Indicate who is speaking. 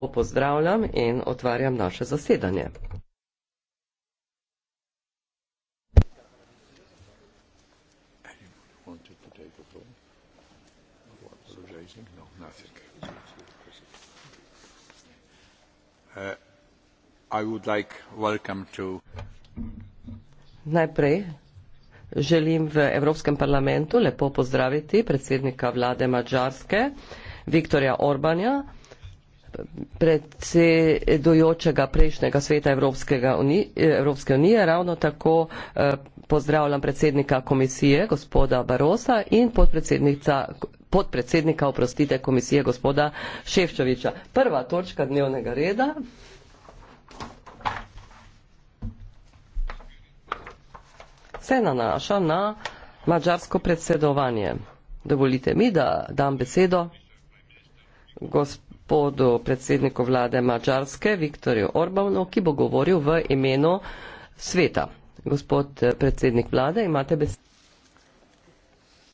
Speaker 1: Pozdravljam in otvarjam naše zasedanje. Uh, Najprej želim v Evropskem parlamentu lepo pozdraviti predsednika vlade Mačarske, Viktorja Orbanja, predsedujočega prejšnjega sveta Evropskega unije, Evropske unije, ravno tako eh, pozdravljam predsednika komisije gospoda Barosa in podpredsednica podpredsednika oprostite komisije gospoda Ševčoviča. Prva točka dnevnega reda. Se nanaša na mađarsko predsedovanje. Dovolite mi, da dam besedo gospodu gospodu predsedniku vlade Mačarske Viktorju Orbanu, ki bo govoril v imenu sveta. Gospod eh, predsednik vlade, imate besedo.